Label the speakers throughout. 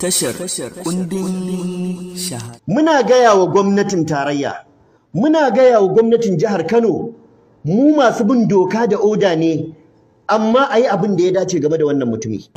Speaker 1: tashar kundin shahar. Muna gaya wa gwamnatin tarayya, muna gaya wa gwamnatin jihar Kano, mu masu bin doka da oda ne, amma a yi abin da ya dace game da wannan mutumi.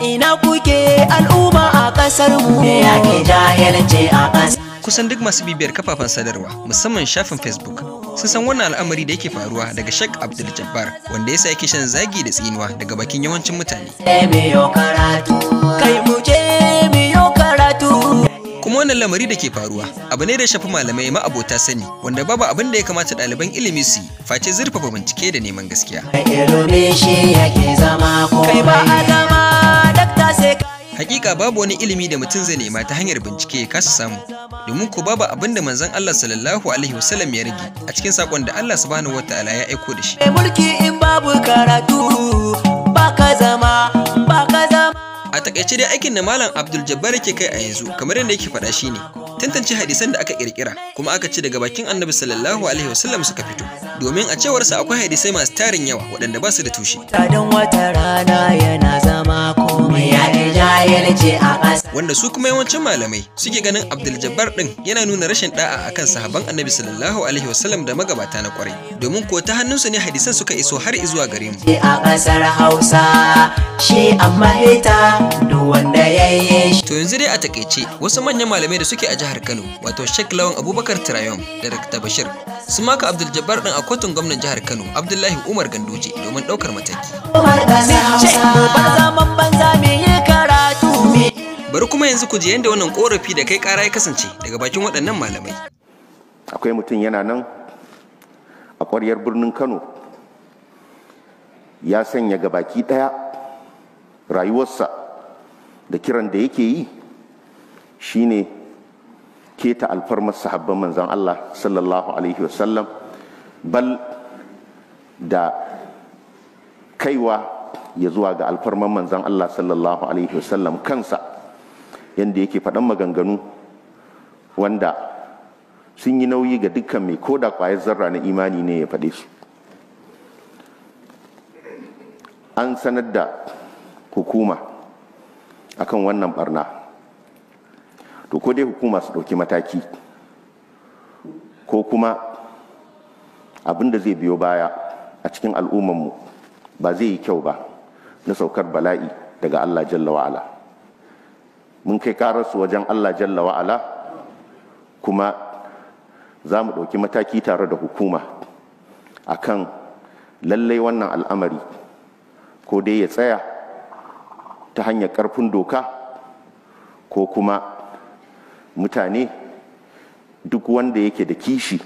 Speaker 2: Ina kuke al'umma a ƙasar mu. ya ke jahilce a ƙasar. Kusan duk masu bibiyar kafafen sadarwa, musamman shafin Facebook, sun san wannan al'amari da yake faruwa daga Sheikh Abdul Jabbar wanda ya yake shan zagi da tsinuwa daga bakin yawancin mutane. kuma wannan lamari da ke faruwa abu ne da shafi malamai ma'abota sani wanda babu abin da ya kamata ɗaliban ilimi su yi face zurfafa bincike da neman gaskiya. Kai ba a dakta sai Hakika babu wani ilimi da mutum zai nema ta hanyar bincike ya kasa samu, domin ko babu abin da manzon Allah sallallahu alaihi wasallam ya rage a cikin sakon da Allah subhanahu wataala ya aiko da shi. Mulki in babu karatu baka zama baka zama. A takaice dai aikin da Malam Abdul Jabbar yake kai a yanzu kamar yadda yake faɗa shi ne, tantance hadisan da aka kirkira kuma aka ci daga bakin Annabi sallallahu alaihi wasallam suka fito domin a cewar sa akwai hadisai masu tarin yawa waɗanda ba su da tushe. dan wata rana yana zama komai Wanda su kuma yawancin malamai suke ganin Abdul Jabbar ɗin yana nuna rashin ɗa'a akan sahaban Annabi sallallahu alaihi wasallam da magabata na kwarai. Domin ko ta hannunsu ne hadisan suka iso har izuwa gare mu. A To yanzu dai a takaice wasu manyan malamai da suke a jihar Kano wato Sheikh Lawan Abubakar Tirayom da Dr. Bashir su maka Abdul Jabbar ɗin a kotun gwamnan jihar Kano Abdullahi Umar Ganduje domin ɗaukar mataki. bari kuma yanzu ku ji yadda wannan korafi da kai kara ya kasance daga bakin waɗannan malamai
Speaker 3: akwai mutum yana nan a ƙwaryar birnin kano ya sanya ga baki ɗaya rayuwarsa da kiran da yake yi shine keta alfarmar sahabban manzan Allah sallallahu alaihi wasallam bal da kaiwa ya zuwa ga alfarmar manzan Allah sallallahu Alaihi wasallam kansa yadda yake faɗan maganganu wanda sun yi nauyi ga dukkan mai koda kwayar zarra na imani ne ya faɗe su an sanar da hukuma akan wannan barna to ko dai hukuma su ɗauki mataki ko kuma abin da zai biyo baya a cikin al'ummanmu ba zai yi kyau ba na saukar bala'i daga Allah jalla wa'ala mun kai ƙararsu wajen Allah jalla wa'ala kuma za mu ɗauki mataki tare da hukuma a kan lallai wannan al'amari ko dai ya tsaya ta hanyar ƙarfin doka ko kuma mutane duk wanda yake da kishi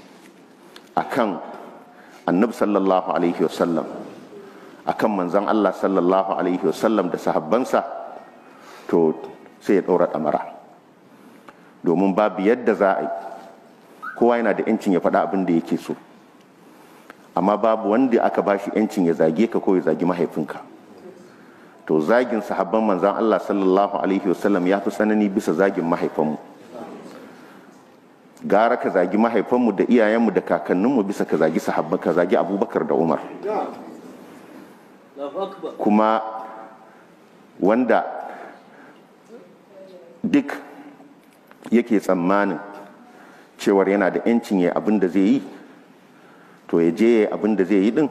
Speaker 3: a kan annab sallallahu alaihi wasallam a kan manzan Allah sallallahu alaihi wasallam da sahabbansa to sai ya ɗora ɗamara domin babu yadda za a yi kowa yana da 'yancin ya faɗa abin da yake so amma babu wanda aka ba shi 'yancin ya zage ka ko ya zagi mahaifinka to zagin sahabban manzan Allah sallallahu alaihi wasallam ya fi tsanani bisa zagin mahaifanmu gara ka zagi mahaifanmu da iyayenmu da kakanninmu bisa ka zagi sahabban ka zagi abubakar da umar kuma wanda duk yake tsammanin cewar yana da 'yancin ya abin da zai yi to ya je ya abin da zai yi din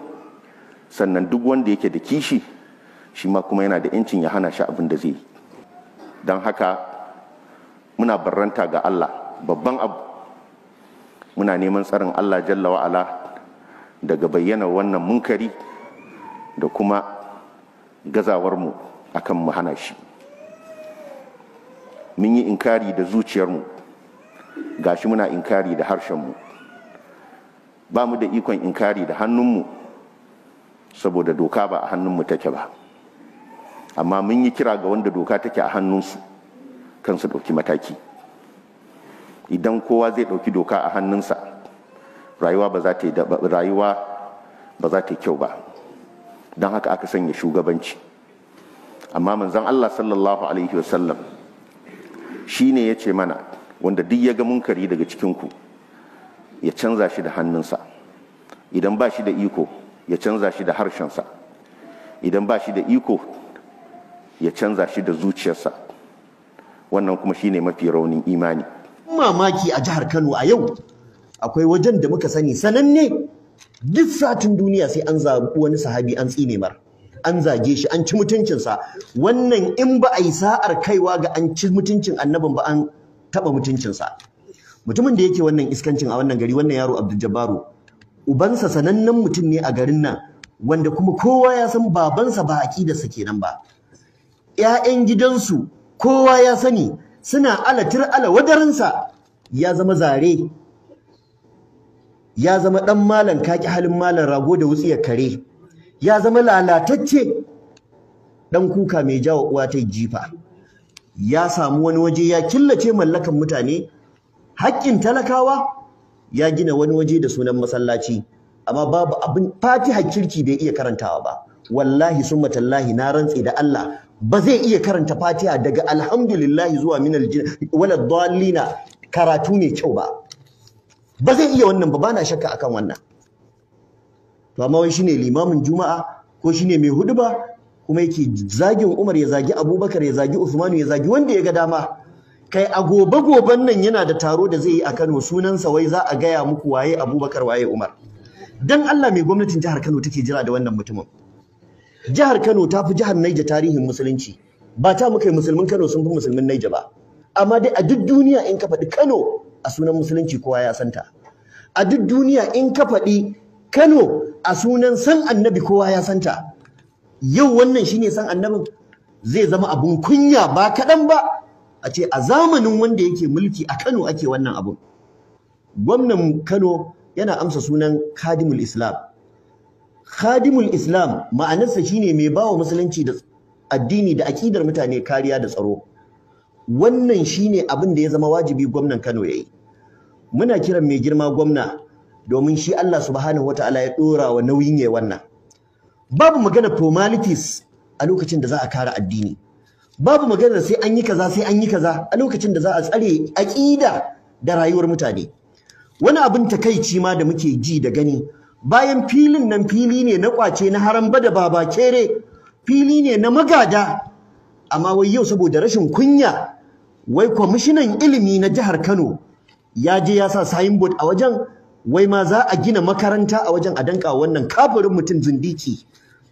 Speaker 3: sannan duk wanda yake da kishi shi ma kuma yana da 'yancin ya hana shi abin da zai yi don haka muna barranta ga Allah babban abu muna neman tsarin Allah jalla wa'ala daga bayyana wannan munkari da kuma gazawar mu akan mu hana shi mun yi inkari da zuciyarmu gashi muna inkari da harshenmu ba mu da ikon inkari da hannunmu saboda doka ba a hannunmu take ba amma mun yi kira ga wanda doka take a hannunsu kan su ɗauki mataki idan kowa zai ɗauki doka a hannunsa rayuwa ba za ta yi kyau ba don haka aka sanya shugabanci amma manzon Allah sallallahu alaihi wasallam Shi ne ya ce mana wanda duk ya ga munkari daga cikinku ya canza shi da hannunsa idan ba shi da iko ya canza shi da harshensa idan ba shi da iko ya canza shi da zuciyarsa wannan kuma shi ne mafi raunin imani
Speaker 1: mamaki a jihar Kano a yau akwai wajen da muka sani sananne duk satin duniya sai an zaɓi wani sahabi an tsine mar an zage shi an ci mutuncinsa wannan in ba a yi sa'ar kaiwa ga an ci mutuncin annabin ba an taɓa mutuncinsa mutumin da yake wannan iskancin a wannan gari wannan yaro abdul ubansa sanannen mutum ne a garin nan wanda kuma kowa ya san babansa ba aƙidarsa kenan ba ‘ya'yan gidansu kowa ya sani suna alatir ala wadarinsa ya zama zare ya zama ɗan malan kaki halin malan rago da wutsiyar kare ya zama lalatacce dan kuka mai jawo uwa ta jifa ya samu wani waje ya killace mallakan mutane haƙƙin talakawa ya gina wani waje da sunan masallaci amma babu abin fatiha kirki bai iya karantawa ba wallahi summa tallahi na rantse da Allah ba zai iya karanta fatiha daga alhamdulillah zuwa minal wala dallina karatu ne kyau ba ba zai iya wannan ba bana shakka akan wannan to amma wai shine limamin juma'a ko shine mai hudba kuma yake zagin Umar ya zagi Abubakar ya zagi Usman ya zagi wanda ya ga dama kai a gobe goben nan yana da taro da zai yi a Kano sunansa wai za a gaya muku waye Abubakar waye Umar dan Allah mai gwamnatin jihar Kano take jira da wannan mutumin jihar Kano ta fi jihar Niger tarihin musulunci ba ta muka yi musulmin Kano sun fi musulmin Niger ba amma dai a duk duniya in ka faɗi Kano a sunan musulunci kowa ya santa a duk duniya in ka faɗi Kano a sunan san annabi kowa ya santa yau wannan shine san annabin zai zama abun kunya ba kaɗan ba a ce a zamanin wanda yake mulki a Kano ake wannan abun gwamnan Kano yana amsa sunan Khadimul Islam Khadimul Islam ma'anarsa shine mai bawa musulunci da addini da akidar mutane kariya da tsaro wannan shine abin da ya zama wajibi gwamnan Kano yayi muna kiran mai girma gwamna domin shi Allah subhanahu ta'ala ya dora wa nauyin yayi wannan babu magana formalities a lokacin da za a kare addini babu magana sai an yi kaza sai an yi kaza a lokacin da za a tsare aqida da rayuwar mutane wani abin takeici ma da muke ji da gani bayan filin nan fili ne na kwace na haramba da baba kere fili ne na magada amma wai yau saboda rashin kunya wai kwamishinan ilimi na jihar Kano ya je ya sa signboard a wajen wai ma za a gina makaranta a wajen a danka wannan kafirin mutum zindiki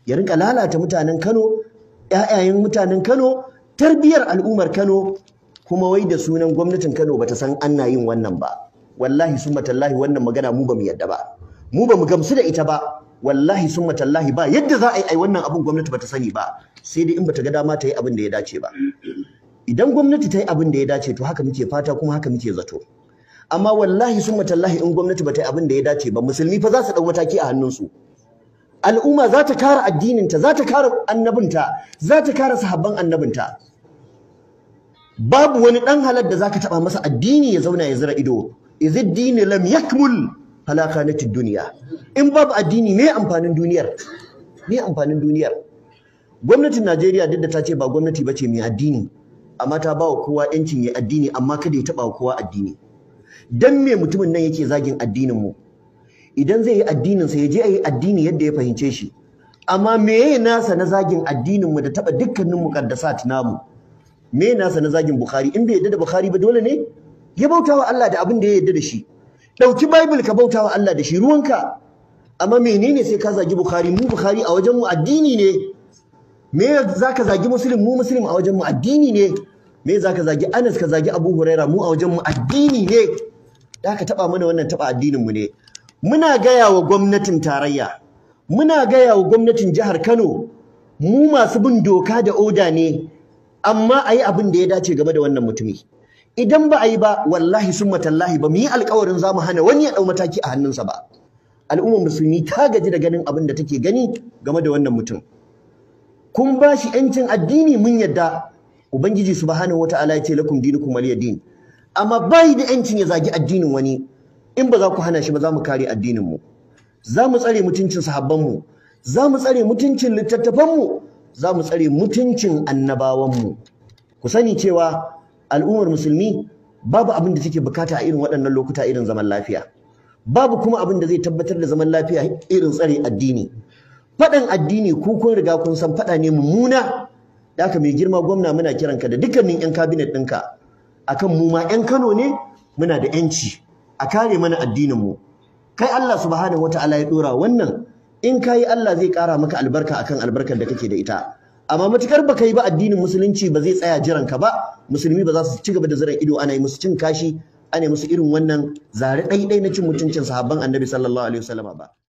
Speaker 1: ya rinka lalata mutanen Kano ƴaƴayen mutanen Kano tarbiyar al'ummar Kano kuma wai da sunan gwamnatin Kano bata san ana yin wannan ba wallahi summa tallahi wannan magana mu ba mu yadda ba mu ba mu gamsu da ita ba wallahi summa tallahi ba yadda za a yi ai wannan abun gwamnati bata sani ba sai dai in bata ga dama ta yi abin da ya dace ba idan gwamnati ta yi abin da ya dace to haka muke fata kuma haka muke zato amma wallahi sun matallahi in gwamnati ba ta yi abin da ya dace ba musulmi fa za su ɗau mataki a hannunsu al'umma za ta kare addininta za ta kare annabinta za ta kare sahabban annabinta babu wani ɗan halar da za ka taɓa masa addini ya zauna ya zira ido izid dini lam yakmul halaka na duniya in babu addini me amfanin duniyar me amfanin duniyar gwamnatin najeriya duk da ta ce ba gwamnati ba ce mai addini amma ta ba wa kowa 'yancin ya addini amma kada ya taɓa wa kowa addini dan me mutumin nan yake zagin addinin mu idan zai yi addinin sa yaje yi addini yadda ya fahimce shi amma me meye nasa na zagin addinin mu da taba dukkanin muqaddasat namu me nasa na zagin bukhari in bai yadda da bukhari ba dole ne ya bautawa Allah da abin da ya yadda da shi dauki bible ka bautawa Allah da shi ruwanka amma menene sai ka zagi bukhari mu bukhari a wajen mu addini ne me zaka zagi muslim mu muslim a wajen mu addini ne me za ka zagi anas ka zagi abu huraira mu a wajenmu addini ne da ka taɓa mana wannan taɓa addininmu ne muna gaya wa gwamnatin tarayya muna gaya wa gwamnatin jihar kano mu masu bin doka da oda ne amma a yi abin da ya dace game da wannan mutumi idan ba a yi ba wallahi sun matallahi ba mu yi alkawarin za mu hana wani ya ɗau mataki a hannunsa ba al'ummar musulmi ta gaji da ganin abin da take gani game da wannan mutum kun ba shi 'yancin addini mun yadda ubangiji wata wata'ala ya ce lakum dinukum waliyadin amma bai da yancin ya zagi addinin wani in ba za ku hana shi ba za mu kare addinin mu za mu tsare mutuncin sahabban mu za mu tsare mutuncin littattafan mu za mu tsare mutuncin annabawan mu ku sani cewa al'ummar musulmi babu abin da take bukata a irin waɗannan lokuta irin zaman lafiya babu kuma abin da zai tabbatar da zaman lafiya irin tsare addini faɗan addini ku kun riga kun san faɗa ne mummuna daka mai girma gwamna muna kiranka da dukkanin 'yan kabinet ɗinka akan mu ma 'yan Kano ne muna da 'yanci a kare mana addinin mu kai Allah subhanahu Ala ya ɗora wannan in yi Allah zai kara maka albarka akan albarkar da kake da ita amma matukar baka yi ba addinin musulunci ba zai tsaya jiran ka ba musulmi ba za su ci gaba da ziran ido ana yi musu cin kashi ana yi musu irin wannan zare ɗai-ɗai na cin mutuncin sahabban annabi sallallahu ba